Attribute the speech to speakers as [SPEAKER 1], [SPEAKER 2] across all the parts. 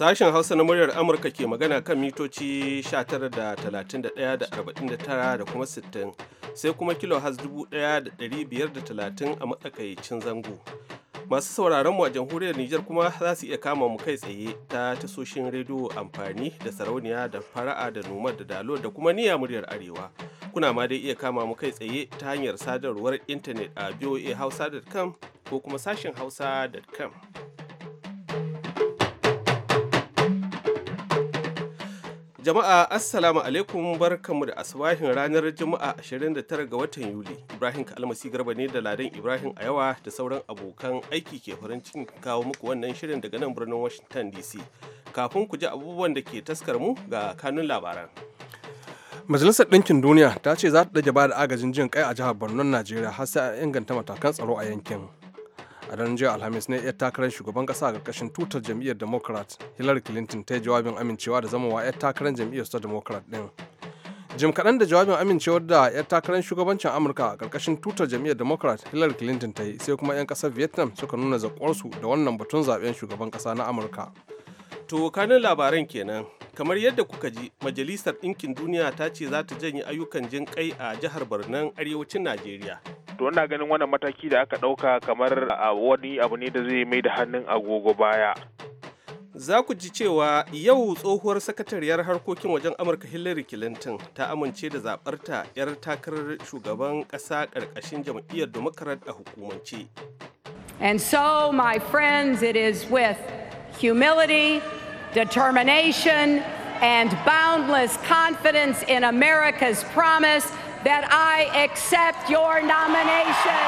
[SPEAKER 1] Sashen Hausa na muryar Amurka ke magana kan mitoci 19 da kuma 60 sai kuma kilo has 1530 a matsakaicin zango. Masu sauraron mu a jamhuriyar Nijar kuma za su iya kama mu kai tsaye ta tasoshin rediyo amfani da sarauniya da fara'a da numar da dalo da kuma niyya muryar arewa. Kuna ma dai iya kama mu kai tsaye ta hanyar sadarwar intanet a voahausa.com ko kuma sashen hausa.com. Jama'a Assalamu alaikum barkanmu da asubahin ranar Juma'a 29 ga watan Yuli. Ibrahim Kalmasi Garba ne da Ladan Ibrahim ayawa da sauran abokan aiki ke farin cikin kawo muku wannan shirin daga nan birnin Washington DC. Kafin ku ji abubuwan da ke taskar mu ga kanun labaran.
[SPEAKER 2] Majalisar Ɗinkin Duniya ta ce za ta ɗage ba da agajin jin kai a jihar Borno Najeriya har sai a inganta matakan tsaro a yankin. a daren jiya alhamis ne yar takarar shugaban kasa a karkashin tutar jam'iyyar democrat hillary clinton ta yi jawabin amincewa da zamawa yar takarar jam'iyyar ta democrat din jim kaɗan da jawabin amincewar da yar takarar shugabancin amurka a karkashin tutar jam'iyyar democrat hillary clinton ta yi sai kuma 'yan ƙasar vietnam suka nuna zaƙuwarsu
[SPEAKER 1] da wannan batun zaɓen shugaban kasa na amurka to kanin labaran kenan kamar yadda kuka ji majalisar ɗinkin duniya ta ce za ta janye ayyukan jin kai a jihar barnan
[SPEAKER 3] arewacin najeriya to ina ganin wannan mataki da aka ɗauka kamar a wani abu ne da zai mai da hannun agogo baya
[SPEAKER 1] za ku ji cewa yau tsohuwar sakatariyar harkokin wajen amurka hillary clinton ta amince da zaɓarta 'yar takarar shugaban ƙasa ƙarƙashin jam'iyyar democrat a hukumance
[SPEAKER 4] and so my friends it is with humility determination, and boundless confidence in America's promise that I accept your nomination.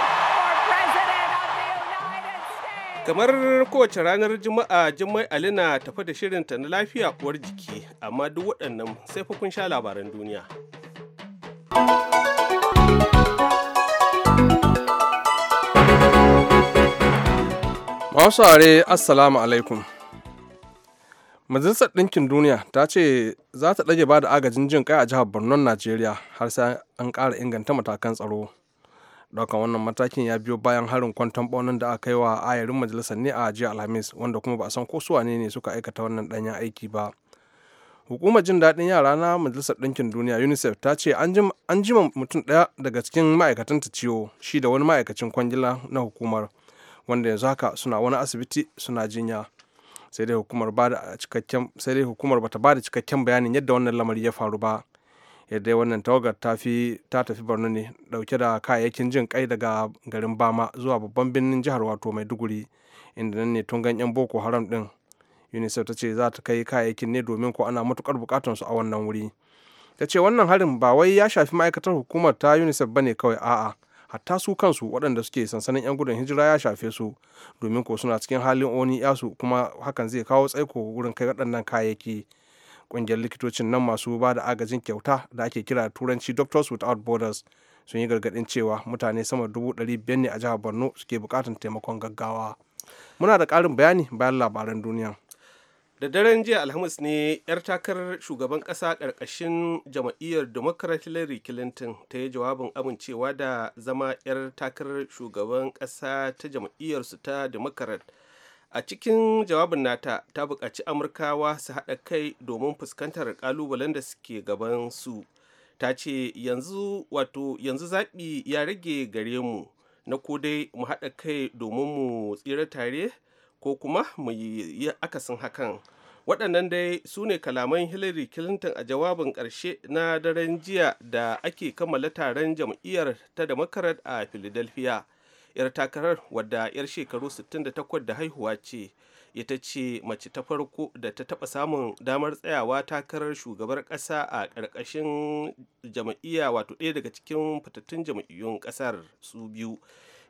[SPEAKER 1] Kamar kowace ranar Juma'a Jummai Alina na tafi da shirinta na lafiya uwar jiki, amma duk waɗannan sai fa kun sha labaran duniya.
[SPEAKER 2] Masu are Assalamu alaikum. Majalisar Ɗinkin Duniya ta ce za ta ɗage ba da agajin jin kai a jihar Borno Najeriya har sai an ƙara inganta matakan tsaro. daukan wannan matakin ya biyo bayan harin kwanton ɓaunin da aka yi wa ayarin majalisar ne a jiya Alhamis wanda kuma ba a san ko su wane ne suka aikata wannan ɗanyen aiki ba. Hukumar jin daɗin yara na Majalisar Ɗinkin Duniya UNICEF ta ce an jima mutum ɗaya daga cikin ma'aikatan ta ciwo shi da wani ma'aikacin kwangila na hukumar wanda yanzu haka suna wani asibiti suna jinya. sai dai hukumar cikakken sai dai hukumar bata bada cikakken bayanin yadda wannan lamari ya faru ba yadda wannan tawagar ta ta tafi Borno ne dauke da kayayyakin jin kai daga garin Bama zuwa babban birnin jihar wato Maiduguri inda nan ne tungan yan Boko Haram din UNICEF ta ce za ta kai kayayyakin ne domin ko ana matukar bukatar su a wannan wuri ta ce wannan harin ba wai ya shafi ma'aikatar hukumar ta UNICEF bane kawai a'a hatta su kansu waɗanda suke sansanin 'yan gudun hijira ya shafe su domin ko suna cikin halin oni yasu kuma hakan zai kawo tsaiko wurin kai waɗannan kayayyaki ƙungiyar likitocin nan masu ba da agajin kyauta da ake kira turanci doctors without borders sun yi gargaɗin cewa mutane sama dubu ɗari biyar ne a jihar borno suke buƙatar taimakon gaggawa muna da ƙarin bayani bayan labaran duniya
[SPEAKER 1] da daren jiya alhamis ne 'yar takarar shugaban kasa ƙarƙashin jama'iyyar democrat hillary clinton ta yi jawabin amincewa da zama 'yar takarar shugaban kasa ta jam'iyyarsu ta democrat a cikin jawabin nata ta buƙaci amurkawa su haɗa kai domin fuskantar kalubalen da suke gaban su ta ce yanzu wato yanzu zaɓi ya rage gare mu na ko dai mu haɗa kai domin mu tsira tare ko kuma mu yi akasin hakan waɗannan dai su ne kalaman hillary clinton a jawabin ƙarshe na daren jiya da ake kammala taron jam'iyyar ta democrat a philadelphia yar takarar wadda yar shekaru 68 da haihuwa ce ita ce mace ta farko da ta taɓa samun damar tsayawa takarar shugabar ƙasa a ƙarƙashin jam'iyya wato ɗaya daga cikin fitattun jam'iyyun ƙasar su biyu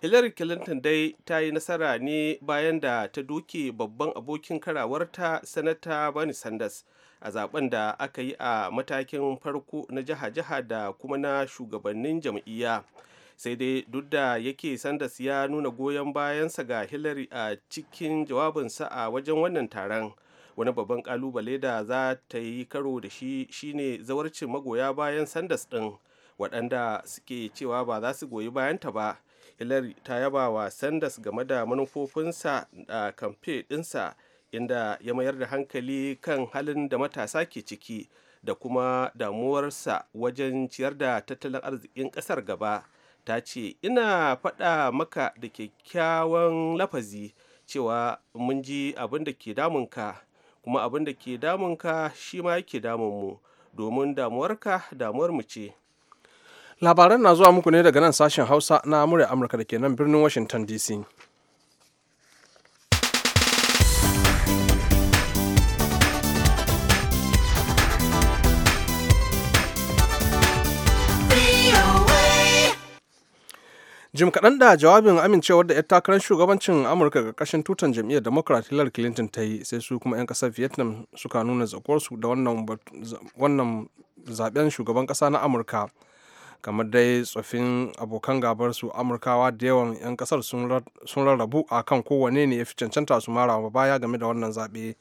[SPEAKER 1] hillary clinton dai ta yi nasara ne bayan da ta doke babban abokin karawarta sanata bernie sanders a zaben da aka yi a matakin farko na jiha-jiha da kuma na shugabannin jam'iyya sai dai duk da yake sanders ya nuna goyon bayansa ga hillary a cikin jawabinsa a wajen wannan taron wani babban kalubale da za ta yi karo da shi shine zawarcin magoya bayan sanders din waɗanda suke cewa ba za su goyi bayanta ba hillary ta yaba wa sanders game da manufofinsa da kamfe ɗinsa inda ya mayar da hankali kan halin da matasa ke ciki da kuma damuwarsa wajen ciyar da tattalin arzikin ƙasar gaba ta ce ina faɗa maka da kyakkyawan lafazi cewa mun ji abin da ke damunka kuma abin da ke damunka shi ma yake damunmu domin damuwarka damuwar mu ce
[SPEAKER 2] labaran na zuwa muku ne daga nan sashen hausa na murya amurka da ke nan birnin washington dc jim kaɗan da jawabin amincewar da 'yan takarar shugabancin amurka ƙarƙashin tutan jam'iyyar democrat hillary clinton ta yi sai su kuma 'yan ƙasar vietnam suka nuna zakuwarsu da wannan zaben shugaban ƙasa na amurka kamar dai tsofin abokan gabar su amurkawa da yawan 'yan kasar sun rarrabu a kan kowane ne ya fi cancanta su mara baya game da wannan zaɓe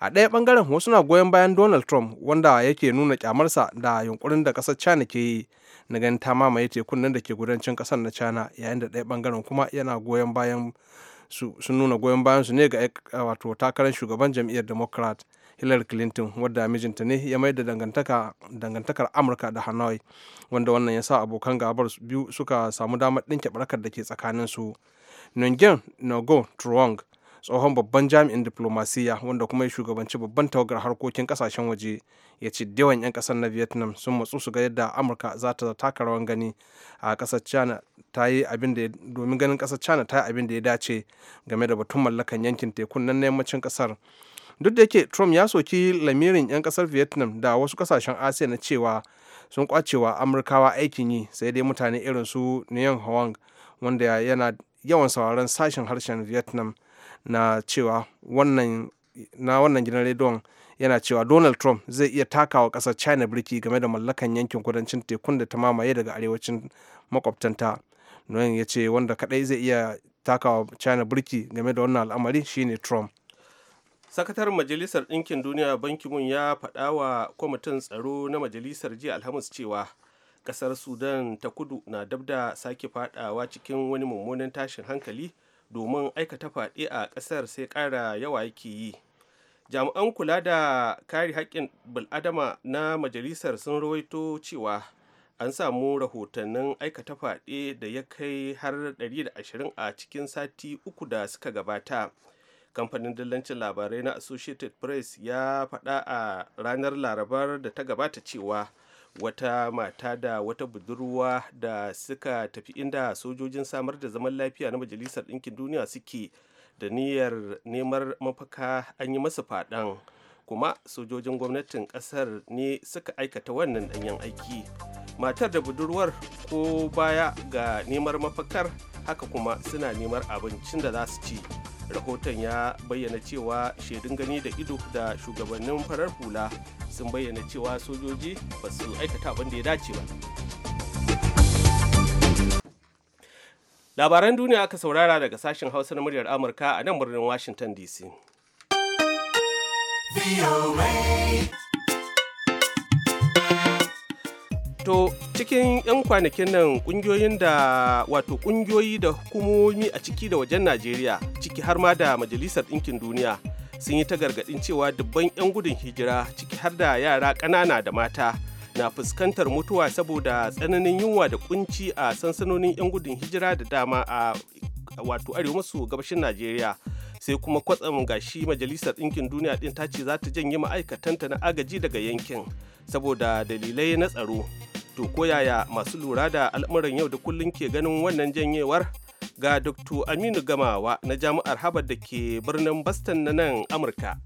[SPEAKER 2] a ɗaya ɓangaren wasu na goyon bayan donald trump wanda yake nuna kyamarsa da yunkurin da ƙasar china ke yi na ganin ta mamaye tekun nan da ke gudancin ƙasar na china yayin da ɗaya ɓangaren kuma yana goyon bayan sun nuna goyon bayan su ne ga wato takarar shugaban jam'iyyar democrat hillary clinton wadda mijinta ne ya mai da dangantakar amurka da hanoi wanda wannan ya sa abokan gabar biyu suka samu damar ɗinke barkar da ke tsakanin tsakaninsu nongen nogo truong tsohon babban jami'in diplomasiya wanda kuma ya shugabanci babban tawagar harkokin kasashen waje ya ce yawan 'yan kasar na vietnam sun matsu su ga yadda amurka za ta taka rawan gani a kasar china ta yi abin da domin ganin kasar china ta yi abin da ya dace game da batun mallakan yankin tekun nan na yammacin kasar duk da yake trump ya soki lamirin 'yan kasar vietnam da wasu kasashen asiya na cewa sun kwacewa amurkawa aikin yi sai dai mutane irin su neon hwang wanda yana yawan sauraron sashen harshen vietnam na cewa wannan na wannan gidan rediyon yana cewa donald trump zai iya takawa kasar china birki game da mallakan yankin kudancin tekun da ta mamaye daga arewacin makwabtanta noyan ya ce wanda kadai zai iya takawa china birki game da wannan al'amari shine trump
[SPEAKER 1] Sakatar majalisar ɗinkin duniya banki mun ya faɗa wa kwamitin tsaro na majalisar jiya alhamis cewa ƙasar sudan ta kudu na dab da sake faɗawa cikin wani mummunan tashin hankali domin aikata faɗi a ƙasar sai ƙara yawa yake yi jami'an kula da kare haƙƙin bil'adama na majalisar sun rawaito cewa an samu rahotannin aikata faɗe da ya kai har 120 a cikin sati uku da suka gabata kamfanin dillancin labarai na associated press ya faɗa a ranar larabar da ta gabata cewa wata mata da wata budurwa da suka tafi inda sojojin samar da zaman lafiya na majalisar ɗinkin duniya suke da niyyar neman mafaka an yi masa faɗan kuma sojojin gwamnatin ƙasar ne suka aikata wannan ɗanyen aiki matar da budurwar ko baya ga neman mafakar haka kuma suna neman abincin da za su ci rahoton ya bayyana cewa shaidun gani da ido da shugabannin farar hula sun bayyana cewa sojoji ba su aikata abin da ya dace ba labaran duniya aka saurara daga sashen hausa na muryar amurka a nan birnin washington dc To cikin 'yan kwanakin nan kungiyoyin da wato kungiyoyi da hukumomi a ciki da wajen Najeriya ciki har ma da Majalisar Ɗinkin Duniya sun yi ta gargaɗin cewa dubban 'yan gudun hijira ciki har da yara ƙanana da mata na fuskantar mutuwa saboda tsananin yunwa da kunci a sansanonin 'yan gudun hijira da dama a wato arewa maso gabashin Najeriya. sai kuma kwatsam gashi majalisar ɗinkin duniya ɗin ta ce za ta janye ma'aikatanta na agaji daga yankin saboda dalilai na tsaro To koyaya masu lura da al'amuran yau da kullum ke ganin wannan janyewar? Ga Dr. Aminu Gamawa na Jami'ar Harvard da ke birnin Boston na nan Amurka.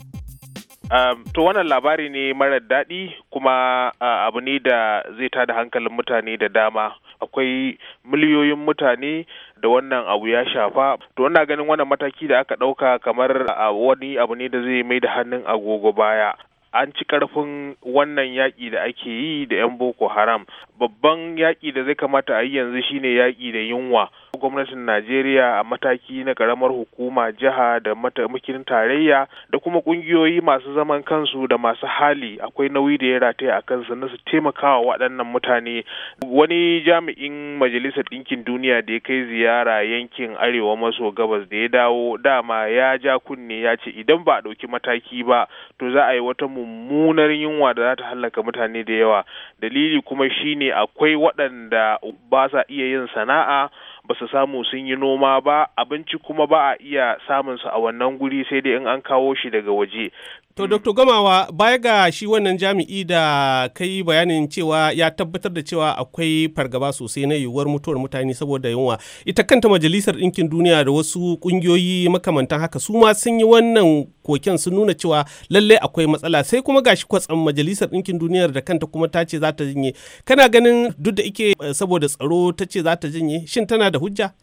[SPEAKER 3] Um, to wannan labari ne marar daɗi kuma uh, abu ne da zai tada hankalin mutane da dama akwai miliyoyin mutane da wannan abu ya shafa to wannan ganin wannan mataki da aka ɗauka kamar uh, wani abu ne da zai mai da hannun agogo baya an ci karfin wannan yaƙi da ake yi da 'yan boko haram babban yaƙi da zai kamata a yi yanzu shine yaƙi da yunwa gwamnatin Najeriya a mataki na karamar hukuma jiha da mataimakin tarayya da kuma kungiyoyi masu zaman kansu da masu hali akwai nauyi da ya rataya a kansu na su taimakawa waɗannan mutane wani jami'in majalisar ɗinkin duniya da ya kai ziyara yankin arewa maso gabas da ya dawo dama ya ja kunne ya ce idan ba a ɗauki mataki ba to za a yi wata mummunar yunwa da za ta hallaka mutane da yawa dalili kuma shine akwai waɗanda ba sa iya yin sana'a ba su samu sun yi noma ba abinci kuma ba a iya samun su a wannan guri sai dai in an kawo shi daga waje to dr
[SPEAKER 1] gamawa baya ga shi wannan jami'i da kai bayanin cewa ya tabbatar da cewa akwai fargaba sosai na yiwuwar mutuwar mutane saboda yunwa ita kanta majalisar ɗinkin duniya da wasu ƙungiyoyi makamantan haka su ma sun yi wannan koken sun nuna cewa lallai akwai matsala sai kuma gashi kwatsam majalisar ɗinkin duniyar da kanta kuma ta ce za ta janye kana ganin duk da ike eh, saboda tsaro ta ce za ta janye shin tana de hujja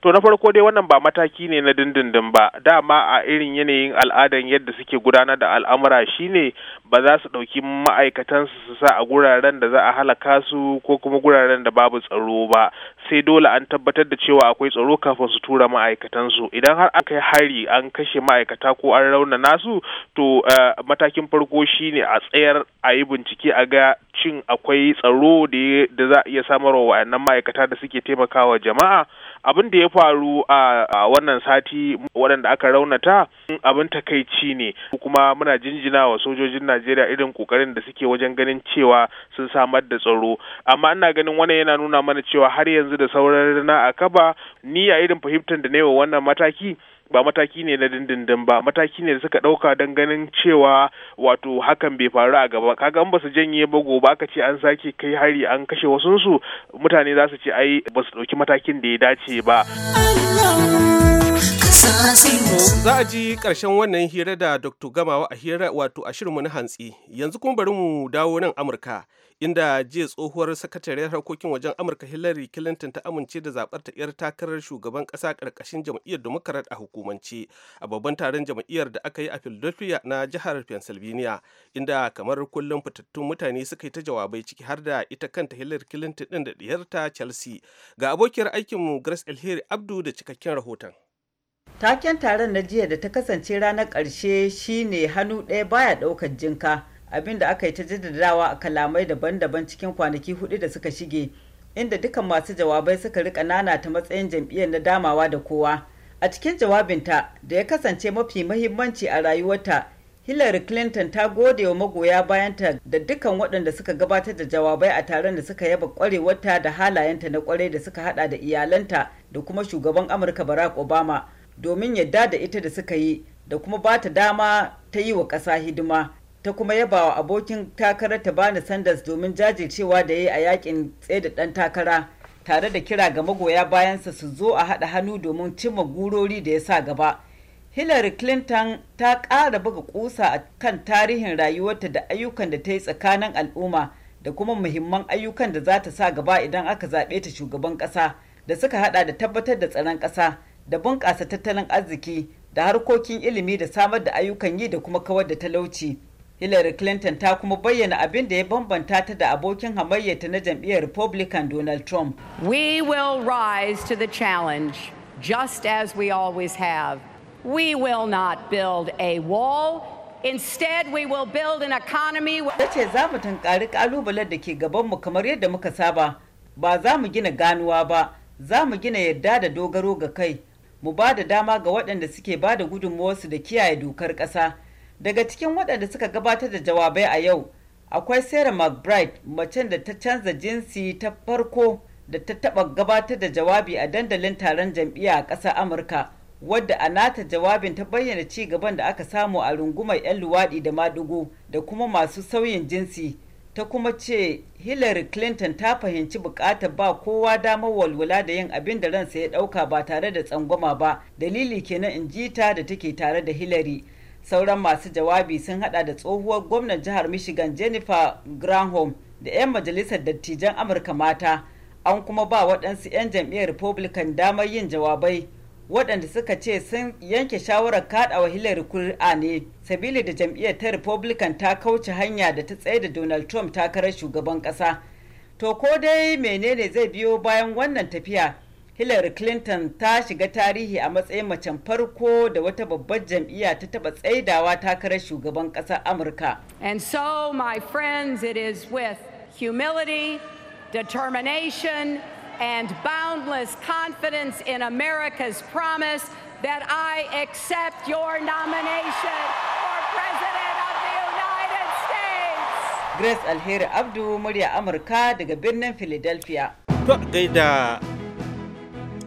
[SPEAKER 3] to na farko dai wannan ba mataki ne na dindindin ba dama a irin yanayin al'adan yadda suke gudanar da al'amura shine ba za su ɗauki ma'aikatansu su sa a guraren da za a halaka su ko kuma guraren da babu tsaro ba sai dole an tabbatar da cewa akwai tsaro kafin su tura ma'aikatansu idan har an kai hari an kashe ma'aikata ko an rauna nasu to eh, matakin farko shine a tsayar a yi bincike a ga cin akwai tsaro da za a iya samarwa wa'annan ma'aikata da suke taimakawa jama'a abin da ya faru a wannan sati waɗanda aka raunata abin takaici ne kuma muna jinjina wa sojojin najeriya irin kokarin da suke wajen ganin cewa sun samar da tsaro amma ina ganin wannan yana nuna mana cewa har yanzu da sauran rana a kaba ni a irin fahimtar da na wa wannan mataki ba mataki ne na dindindin ba mataki ne da suka ɗauka don ganin cewa wato hakan bai faru a gaba kaga an ba su janye ba gobe aka ce an sake kai hari an kashe wasunsu mutane za su ce ai ba su ɗauki matakin da ya dace ba. Za
[SPEAKER 1] a ji ƙarshen wannan hira da Dr. Gamawa a hira wato a shirinmu na hantsi. Yanzu kuma bari mu dawo nan Amurka, inda jiya tsohuwar sakatariyar harkokin wajen Amurka Hillary Clinton ta amince da zaɓar ta 'yar takarar shugaban ƙasa ƙarƙashin jam'iyyar Democrat a hukumance a babban taron jam'iyyar da aka yi a Philadelphia na jihar Pennsylvania, inda kamar kullum fitattun mutane suka yi ta jawabai ciki har da ita kanta Hillary Clinton ɗin da ɗiyarta Chelsea. Ga abokiyar aikinmu Grace Alheri Abdu da cikakken rahoton.
[SPEAKER 4] taken taron na jiya da ta kasance ranar ƙarshe shine hannu ɗaya baya ɗaukar jinka abinda aka yi ta jaddadawa a kalamai daban-daban cikin kwanaki hudu da suka shige inda dukan masu jawabai suka rika nana ta matsayin jam'iyyar na damawa da kowa a cikin jawabinta da ya kasance mafi mahimmanci a rayuwarta hillary clinton ta gode wa magoya bayanta da dukkan waɗanda suka gabatar da jawabai a taron da suka yaba kwarewarta da halayenta na kwarai da suka hada da iyalanta da kuma shugaban amurka barack obama domin yadda da ita da suka yi da kuma ba ta dama ta yi wa ƙasa hidima ta kuma yaba wa abokin takarar ta bani sanders domin jajircewa da ya yi a yakin tsaye da ɗan takara tare da kira ga magoya bayansa su zo a haɗa hannu domin cimma gurori da ya sa gaba hillary clinton ta ƙara buga ƙusa a kan tarihin rayuwarta da ayyukan da ta yi tsakanin al'umma da kuma muhimman ayyukan da za ta sa gaba idan aka zaɓe ta shugaban ƙasa da suka haɗa da tabbatar da tsaron ƙasa da bunƙasa tattalin arziki da harkokin ilimi da samar da ayyukan yi da kuma kawar da talauci hillary clinton ta kuma bayyana abin da ya bambanta ta da abokin hamayyata na jam'iyyar republican donald trump we will rise to the challenge just as we always have we will not build a wall Instead, we will build an economy. Ta ce za mu tunkari kalubalen da ke gabanmu kamar yadda muka saba, ba za mu gina ganuwa ba, za mu gina yadda da dogaro ga kai. mu ba da dama ga waɗanda suke ba da su da kiyaye dokar ƙasa daga cikin waɗanda suka gabatar da jawabai a yau akwai sarah mcbride macen da ta canza jinsi ta farko da ta taɓa gabatar da jawabi a dandalin taron jam'iyya a ƙasar amurka wadda a nata jawabin ta bayyana ci gaban da aka samu a rungumar 'yan luwaɗi da maɗigo da kuma masu sauyin jinsi ta kuma ce hillary clinton ta fahimci bukatar ba kowa damar walwala da yin abin da ransa ya dauka ba tare da tsangwama ba dalili kenan in ji ta da take tare da hillary sauran masu jawabi sun hada da tsohuwar gwamnan jihar michigan jennifer granholm da 'yan majalisar dattijan amurka mata an kuma ba waɗansu 'yan jam'iyyar republican damar yin jawabai waɗanda suka ce sun yanke shawarar kaɗawa Hillary kuri'a ne sabili da jam'iyyar ta Republican ta kauce hanya da ta tsaye da Donald Trump takarar shugaban ƙasa. To ko dai menene zai biyo bayan wannan tafiya Hillary Clinton ta shiga tarihi a matsayin macen farko da wata babbar jam'iyya ta taɓa tsaidawa takarar shugaban ƙasar Amurka. And so my friends it is with humility, determination and boundless confidence in America's promise that I accept your
[SPEAKER 1] nomination for President of the
[SPEAKER 4] United States. Grace Alheri Abdu, murya Amurka daga birnin Philadelphia.
[SPEAKER 1] To gaida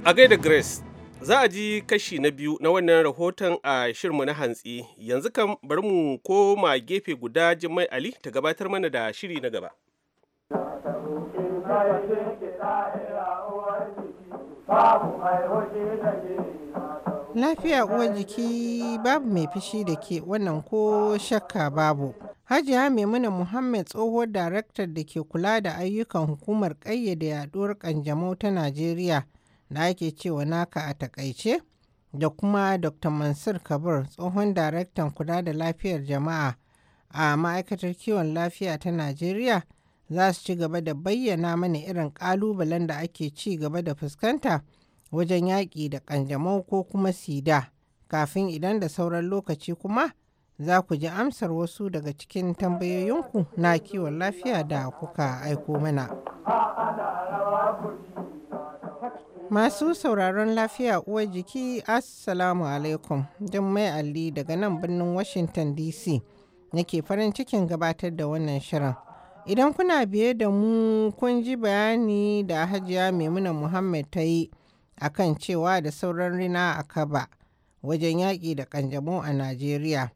[SPEAKER 1] a gaida Grace. Za a ji kashi na biyu na wannan rahoton a shirmu na hantsi. Yanzu kan bari mu koma gefe guda Jummai Ali ta gabatar mana da shiri na gaba.
[SPEAKER 5] Lafiya uwar jiki babu mai fishi da ke wannan ko shakka babu. Hajiya Maimuna Muhammad tsohuwar daraktar da ke kula da ayyukan hukumar ƙayyade yaduwar ƙanjamau ta Najeriya da ake cewa naka a takaice da kuma Dr. Mansur Kabir tsohon daraktan kula da lafiyar jama'a a ma'aikatar kiwon lafiya ta Najeriya za su ci gaba da bayyana mana irin ƙalubalen da ake ci gaba da fuskanta wajen yaƙi da ƙanjamau ko kuma sida kafin idan da sauran lokaci kuma za ku ji amsar wasu daga cikin tambayoyinku na kiwon lafiya da kuka aiko mana. Masu sauraron lafiya uwar jiki Assalamu alaikum mai Alli daga nan birnin Washington DC nake farin cikin gabatar da wannan shirin. Idan kuna biye da mu kun ji bayani da Hajiya Maimuna Muhammad ta yi a kan cewa da sauran rina a kaba wajen yaƙi da ƙanjamau a Najeriya.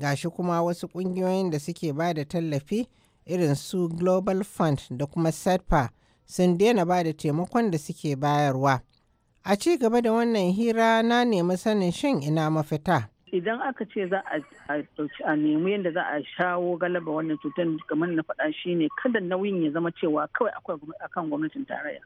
[SPEAKER 5] Gashi kuma wasu ƙungiyoyin da suke ba da tallafi irin su Global Fund da kuma SEDPA sun daina ba da taimakon da suke bayarwa. A ci gaba da wannan hira na nemi sanin shin ina mafita.
[SPEAKER 6] idan aka ce za a nemi yadda za a shawo galaba wannan cutar kamar na faɗa shi ne. kada nauyin ya zama cewa kawai akwai akan gwamnatin tarayya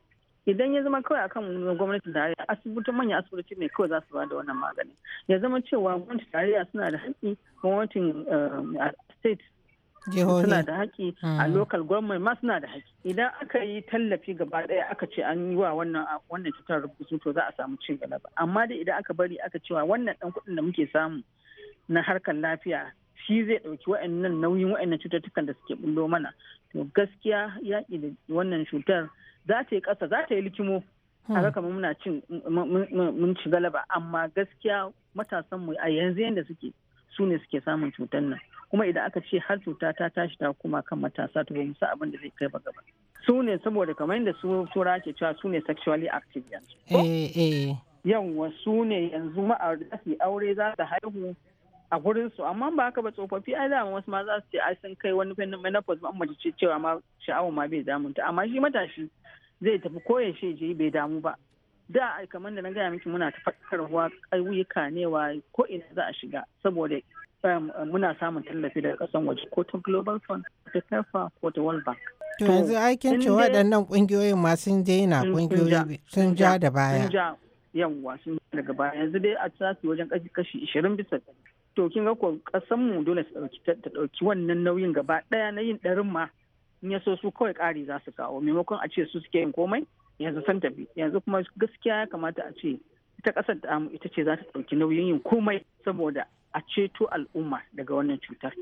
[SPEAKER 6] idan ya zama kawai akan gwamnatin tarayya asibitin manyan asibitoci ne kawai za su ba da wannan magani ya zama cewa gwamnatin tarayya suna da haƙƙi gwamnatin eh, state
[SPEAKER 5] suna da
[SPEAKER 6] haƙƙi a hmm. local government ma suna da haƙƙi idan aka yi tallafi gaba ɗaya aka ce an yi wa wannan wannan cutar rubutu to za a samu cin galaba amma da idan aka bari aka cewa wannan ɗan kuɗin da muke samu na harkar lafiya shi zai ɗauki wa'annan nauyin wa'annan cututtukan da suke bullo mana to gaskiya yaƙi da wannan cutar za ta yi ƙasa za ta yi likimo hmm. haka muna cin mun ci galaba amma gaskiya matasanmu a yanzu yadda suke su ne suke samun cutar nan kuma idan aka ce har cuta ta tashi ta kuma kan matasa to ba mu sa abin da zai kai ba gaba su ne saboda kamar yadda su tura ke cewa su ne sexually active yanzu
[SPEAKER 5] eh, eh.
[SPEAKER 6] yawwa su ne yanzu ma'aurata su aure za su haihu a gurin su amma ba haka ba tsofaffi ai da wasu ma za su ce ai sun kai wani menopause ba mace ce cewa ma sha'awa ma bai ta amma shi matashi zai tafi koyaushe je bai damu ba da kamar da na gaya miki muna ta fadakarwa ƙauyuka ne wa ko ina za a shiga saboda muna samun tallafi daga kasan waje ko ta global fund ta kafa e ko ta world bank to yanzu aikin ce waɗannan
[SPEAKER 5] ƙungiyoyin ma sun daina ƙungiyoyi sun ja da baya
[SPEAKER 6] yawwa sun daga baya yanzu dai a tsasi wajen kashi ishirin bisa to kin ga ko mu dole ta ɗauki wannan nauyin gaba ɗaya na yin ɗarin ma in ya so su kawai ƙari za su kawo maimakon a ce su suke yin komai yanzu san tafi yanzu kuma gaskiya ya kamata a ce ita kasar ta amu ita ce za ta ɗauki nauyin yin komai saboda a ceto al'umma daga wannan cutar.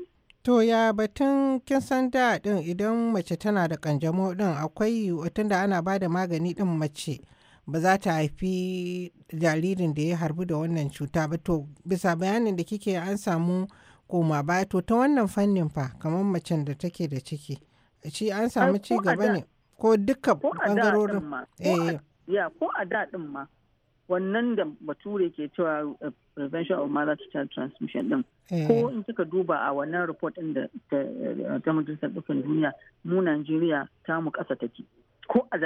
[SPEAKER 5] To ya batun kin san da din idan mace tana da kanjamau din akwai watan da ana ba da magani din mace ba za ta haifi jaririn da ya harbu da wannan cuta ba to bisa bayanin da kike an samu koma ba to ta wannan fannin fa kamar macen da take da ciki shi an samu ci gaba ne ko duka bangarorin.
[SPEAKER 6] ko a daɗin ma wannan da bature ke cewa eh, prevention of malaria child transmission din eh. ko in kika duba a wannan report din da ta majalisar dukkan duniya mu Najeriya ta mu kasa take ko a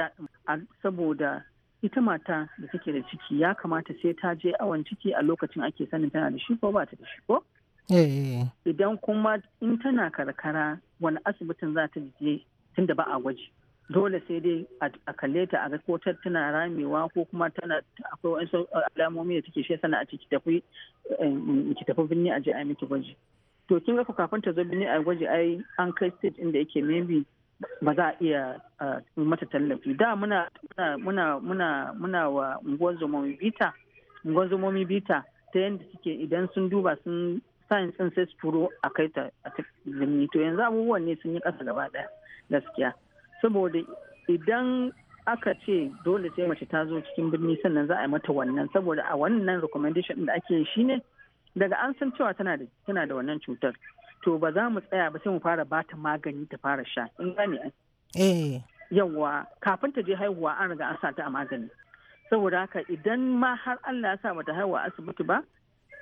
[SPEAKER 6] saboda ita mata da take da ciki ya kamata sai ta je awon ciki a lokacin ake sanin tana da shi ko ba ta da shi ko eh. idan kuma in tana karkara wani asibitin za ta je tunda ba a gwaji dole sai dai a kalle ta a ga ko tana ramewa ko kuma tana akwai wasu alamomi da take shi na a ciki tafi eh, ki tafi binni a je a miki gwaji to kin ga kafin ta zo binni a gwaji ai an kai stage inda yake maybe ba za a iya mata tallafi da muna muna muna muna wa unguwar zomomi bita unguwar zomomi bita ta yadda suke idan sun duba sun science sun sai su turo a kai ta a to yanzu abubuwan ne sun yi kasa gaba daya gaskiya saboda idan aka ce dole sai mace ta zo cikin birni sannan za a yi mata wannan saboda a wannan recommendation da ake shi ne daga an san cewa tana da wannan cutar to ba za mu tsaya ba sai mu fara bata magani ta fara sha in gane an eh kafin ta je haihuwa an riga an sa ta a magani saboda haka idan ma har Allah ya sa mata haihuwa asibiti ba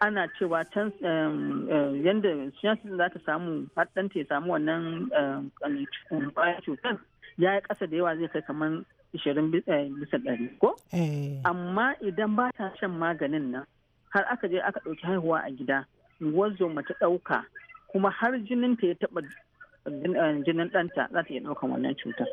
[SPEAKER 6] ana cewa can yanda za ta samu har ɗanta ya samu wannan cutar ya yi ƙasa da yawa zai kai kamar ishirin eh, bisa ɗari ko eh. amma idan ba ta shan maganin nan har aka je aka ɗauki haihuwa a gida wazo ta ɗauka kuma har jinin ta ya taɓa eh, jinin ɗanta za ta iya ɗaukan wannan cutar.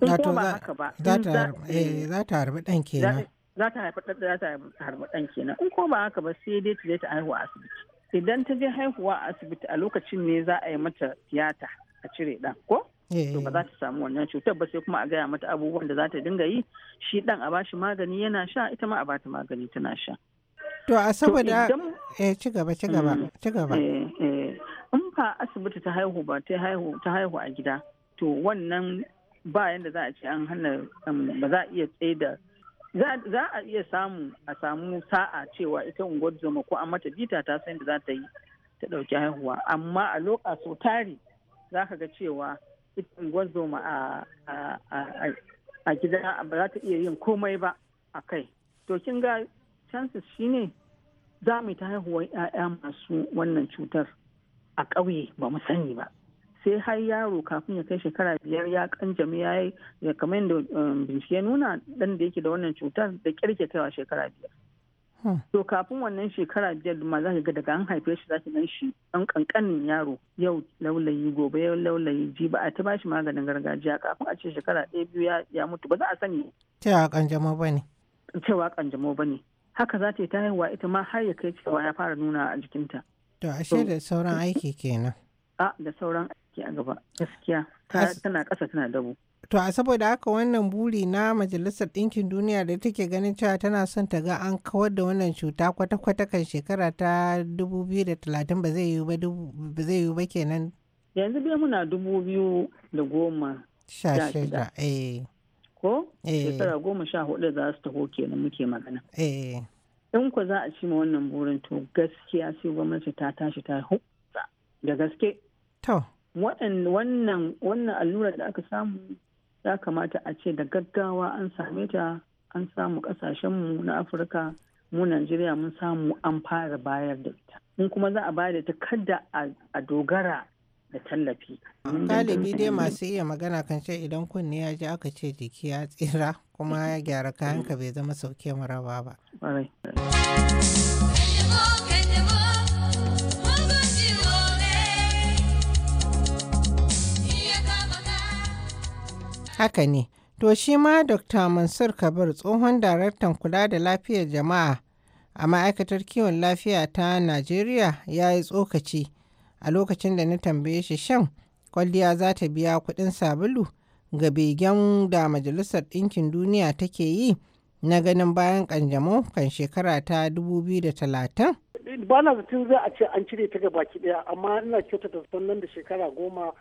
[SPEAKER 5] In ko ba haka ba. Za ta harbi ɗan kenan.
[SPEAKER 6] Za ta harbi ɗan kenan. In ko ba haka ba sai dai ta je ta haihuwa a asibiti. Idan ta je haihuwa a asibiti a lokacin ne za a yi mata tiyata a cire ɗan ko? Eh. to ba za ta samu wannan cutar ba sai kuma a gaya mata abubuwan da za ta dinga yi shi dan a bashi magani yana sha ita ma a bata magani tana sha to a saboda eh ci gaba ci gaba mm. ci gaba eh, eh in fa asibiti ta haihu ba ta haihu ta haihu a gida to wannan ba yanda za a ce an hana um, ba za a iya tsaida za a iya samu a samu sa'a cewa ita unguwar zoma ko an mata bita ta san da za ta yi ta dauki haihuwa amma a lokacin tari za ka ga cewa cikin ma a gida ba za ta iya yin komai ba a kai to kin ga chances ne za mu ta haihuwar 'ya'ya masu wannan cutar a ƙauye ba mu sani ba sai har yaro kafin ya kai shekara biyar ya kanjami ya yi kamar yadda um, bincike nuna ɗan da yake da wannan cutar da kirkitawa shekara biyar to kafin wannan shekara biyar ma za ga daga an haife shi za ki gan shi ɗan ƙanƙanin yaro yau laulayi gobe yau laulayi ji ba a ta bashi maganin gargajiya kafin a ce shekara ɗaya biyu ya mutu ba za a sani.
[SPEAKER 5] cewa ƙanjamau ba ne.
[SPEAKER 6] cewa ƙanjamau ba ne haka za ta yi ta haihuwa ita ma har ya kai cewa ya fara nuna a jikinta.
[SPEAKER 5] to ashe da sauran aiki kenan.
[SPEAKER 6] a da sauran aiki a gaba gaskiya tana kasa tana dabo.
[SPEAKER 5] To a saboda haka wannan buri na Majalisar Ɗinkin Duniya da take ganin cewa tana son ta ga an kawar da wannan cuta kwata-kwata kan shekara ta 2030 ba zai yiwu ba kenan.
[SPEAKER 6] Yanzu dai muna dubu biyu da goma. Sha shida, eh. Ko? Eh. Shekara goma sha hudu za su taho kenan muke magana. Eh. In ku za a ci ma wannan burin to gaskiya sai gwamnati ta tashi ta hutsa da gaske. To. Wannan allurar da aka samu ya kamata a ce da gaggawa an same ta an samu kasashenmu na afirka mu najeriya mun samu an fara bayar da ita in kuma za a bayar da ta kada a dogara da tallafi galibi dai masu
[SPEAKER 5] iya magana kan ce idan kunne ya ji aka ce jiki ya tsira kuma ya gyara kayanka bai zama sauke maraba ba Haka ne. To shi ma Dr. Mansur Kabir tsohon daraktan kula da lafiyar jama'a a ma'aikatar kiwon lafiya ta Najeriya ya yi tsokaci a lokacin da na tambaye shi shan kwalliya za ta biya kuɗin sabulu ga begen da Majalisar Ɗinkin Duniya take yi na ganin bayan kanjamau kan shekara ta 2030.
[SPEAKER 7] Ba na zatin za a ce an cire ta ga baki ɗaya amma ina kyautata sannan da shekara goma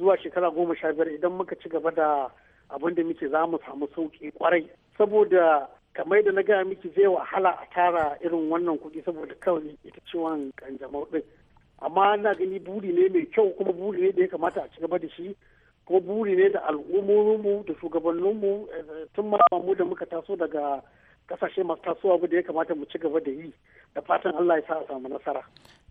[SPEAKER 7] zuwa shekara goma sha biyar idan muka ci gaba da abin da muke za mu samu sauƙi kwarai saboda kamar da na gaya miki zai wahala a tara irin wannan kuɗi saboda kawai ita ciwon kanjamau ɗin amma na gani buri ne mai kyau kuma buri ne da ya kamata a ci gaba da shi ko buri ne da al'ummominmu da shugabanninmu eh, tun ma mu da muka taso daga kasashe masu tasowa da ya kamata mu ci gaba da yi da fatan Allah ya sa a samu nasara.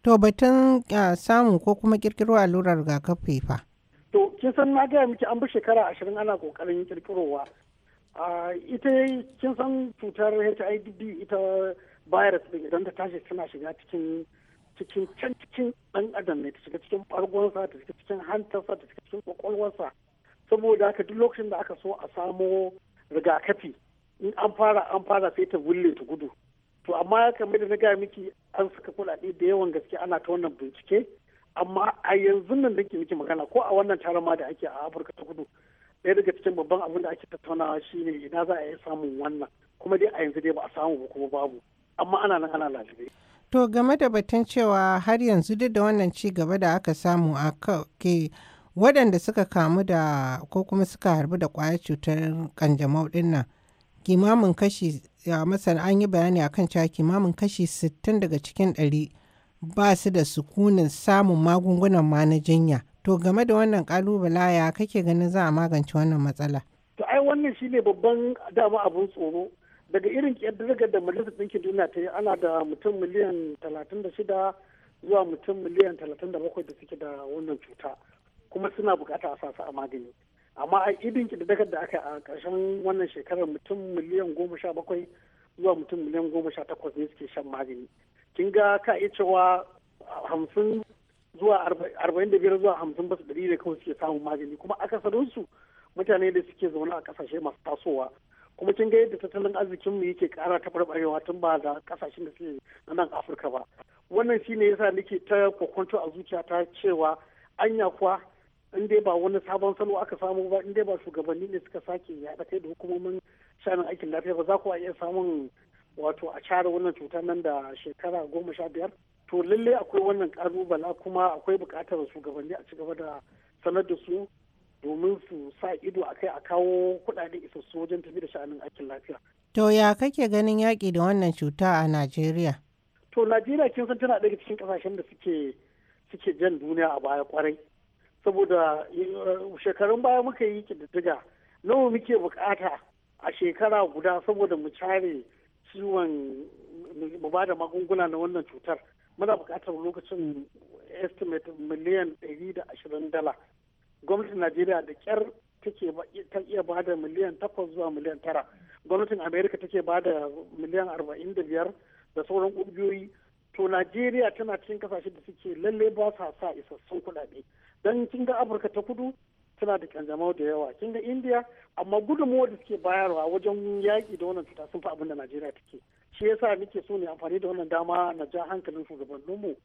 [SPEAKER 5] To batun eh, samu ko kuma kirkiro allurar rigakafi fa?
[SPEAKER 7] to kin san na gaya miki an bi shekara ashirin ana kokarin kirkirowa ita kin san cutar hiv ita virus din idan ta tashi tana shiga cikin cikin can cikin dan adam ne ta shiga cikin bargonsa ta shiga cikin hantarsa ta shiga cikin kwakwalwarsa saboda haka duk lokacin da aka so a samo rigakafi in an fara an fara sai ta wulle ta gudu to amma kamar da na gaya miki an saka kuɗaɗe da yawan gaske ana ta wannan bincike amma a yanzu nan da ke magana ko a wannan taron ma da ake a afirka ta kudu daya daga cikin babban abin da ake tattaunawa shine ina za a yi samun wannan kuma dai a yanzu dai ba a samu ba kuma babu amma ana nan ana lalibe.
[SPEAKER 5] to game da batun cewa har yanzu duk da wannan ci gaba da aka samu a ke waɗanda suka kamu da ko kuma suka harbi da ƙwayar cutar kanjamau ɗin nan kimamin kashi masana an yi bayani akan cewa kimamin kashi 60 daga cikin ɗari. ba su da sukunin samun magungunan ma na jinya to game da wannan kalubala ya kake ganin za a magance wannan matsala
[SPEAKER 7] to ai wannan shine babban dama abun tsoro daga irin ƙirƙirar da majalisar ɗinkin duniya ta yi ana da mutum miliyan 36 da zuwa mutum miliyan 37 da suke da wannan cuta kuma suna bukata a sasa a magani amma a idin ƙididdigar da aka yi a ƙarshen wannan shekarar mutum miliyan 17 zuwa mutum miliyan 18 ne suke shan magani kin ga ka iya cewa hamsin zuwa arba'in da biyar zuwa hamsin basu ɗari da kawai suke samun magani kuma akasarinsu mutane da suke zaune a kasashe masu tasowa kuma kin ga yadda tattalin arzikin mu yake kara taɓarɓarewa tun ba da kasashen da suke na nan afirka ba wannan shine yasa nake ta kwakwanto a ta cewa anya kuwa in dai ba wani sabon salo aka samu ba in dai ba shugabanni ne suka sake yaɗa kai da hukumomin shanin aikin lafiya ba za ku iya samun wato a care wannan cutar nan da shekara goma sha biyar to lallai akwai wannan ƙalubala kuma akwai buƙatar shugabanni a ci gaba da sanar da su domin su sa ido a kai a kawo kuɗaɗe isassu wajen tafi da sha'anin aikin lafiya.
[SPEAKER 5] To ya kake ganin yaƙi da wannan cuta a Najeriya?
[SPEAKER 7] To Najeriya kin san tana ɗaya cikin ƙasashen da suke suke jan duniya a baya kwarai. Saboda eh, shekarun baya muka yi ƙididdiga nawa muke buƙata a shekara guda saboda mu care ciwon mu ba da magunguna na wannan cutar muna buƙatar lokacin estimate miliyan 120 dala gwamnatin najeriya da kyar take ta iya ba da miliyan 8 zuwa miliyan 9 gwamnatin amerika take ba da miliyan 45 da sauran ƙungiyoyi to najeriya tana cikin kasashe da suke lalle ba sa sa isassun kuɗaɗe don kin ga afirka ta kudu suna da kanjamau da yawa kin ga indiya amma gudunmuwa da suke bayarwa wajen yaƙi da wannan cuta sun fi abin da najeriya take shi yasa muke so ne amfani da wannan dama na ja hankalin shugabanninmu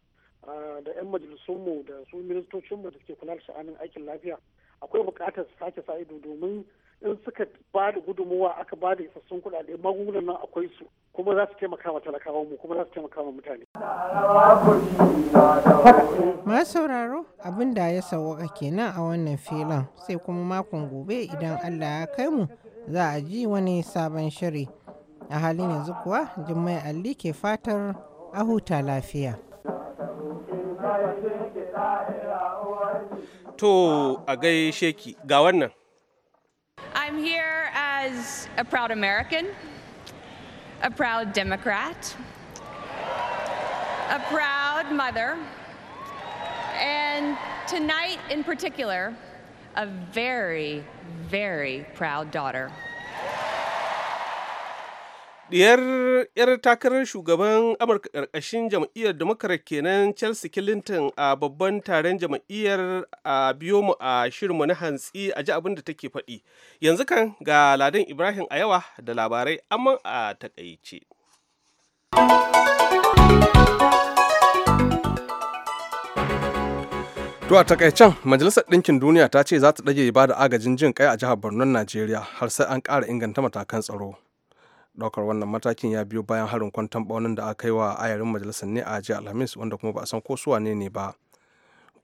[SPEAKER 7] ah, da 'yan majalisunmu da su ministocinmu da suke kula da sha'anin aikin lafiya akwai buƙatar su sake sa ido domin in suka ba da gudunmuwa aka ba da isassun kuɗaɗe magungunan nan akwai su kuma za su taimaka wa talakawan mu kuma za su taimaka wa mutane.
[SPEAKER 5] Ma sauraro abin da ya sauwaka kenan a wannan filan, sai kuma makon gobe idan Allah ya kai mu za a ji wani sabon shiri. A halin yanzu kuwa Jummai Ali ke fatar a huta lafiya.
[SPEAKER 1] To a gaishe ki ga wannan.
[SPEAKER 7] I'm here as a proud American. a proud Democrat, a proud mother, and tonight in particular, a very, very proud daughter.
[SPEAKER 1] Diyar 'yar takarar shugaban Amurka ƙarƙashin jam'iyyar Democrat kenan Chelsea Clinton a babban taron jam'iyyar a biyo mu a shirin mu na hantsi a ji abin da take faɗi. Yanzu kan ga Ladan Ibrahim a yawa da labarai amma a takaice.
[SPEAKER 2] To a takaicen Majalisar Ɗinkin Duniya ta ce za ta ɗage ba da agajin jin kai a jihar Borno Najeriya har sai an ƙara inganta matakan tsaro. daukar wannan matakin ya biyo bayan harin kwantan baunin da aka yi wa ayarin majalisar ne a jiya alhamis wanda kuma ba a san ko su ne ne ba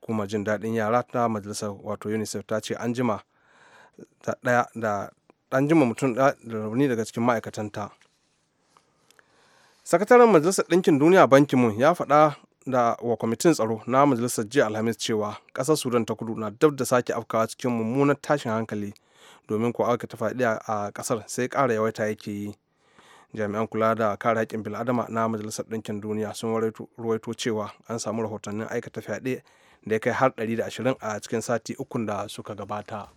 [SPEAKER 2] kuma jin daɗin yara ta majalisar wato unicef ta ce an jima da da an jima mutum da rauni daga cikin ma'aikatanta sakataren majalisar ɗinkin duniya banki mun ya faɗa da wa kwamitin tsaro na majalisar jiya alhamis cewa ƙasar sudan ta kudu na dab da sake afkawa cikin mummunar tashin hankali domin ko aka ta a ƙasar sai ƙara yawaita yake yi jami'an kula da kare haƙƙin bil'adama na majalisar ɗinkin duniya sun ruwaito cewa an samu rahotannin aikata fyaɗe da ya kai har 120 a cikin sati ukun da suka gabata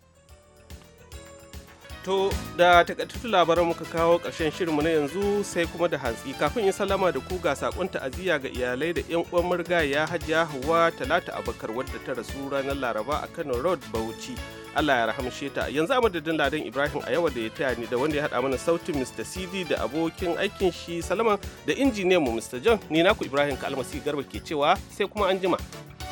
[SPEAKER 1] to da takaitattun labaran muka kawo ƙarshen shirinmu na yanzu sai kuma da hantsi kafin in salama da ku ga sakon ta'aziyya ga iyalai da yan uwan murgaya hajiya hawa talata abakar wadda ta rasu ranar laraba a kano road bauchi Allah ya rahamshe ta yanzu a madadin ladan Ibrahim a yawa da ya taya ni da wanda ya haɗa mana sautin Mr. CD da abokin aikin shi salama da injiniyan mu Mr. John ni naku Ibrahim Kalmasi Garba ke cewa sai kuma an jima.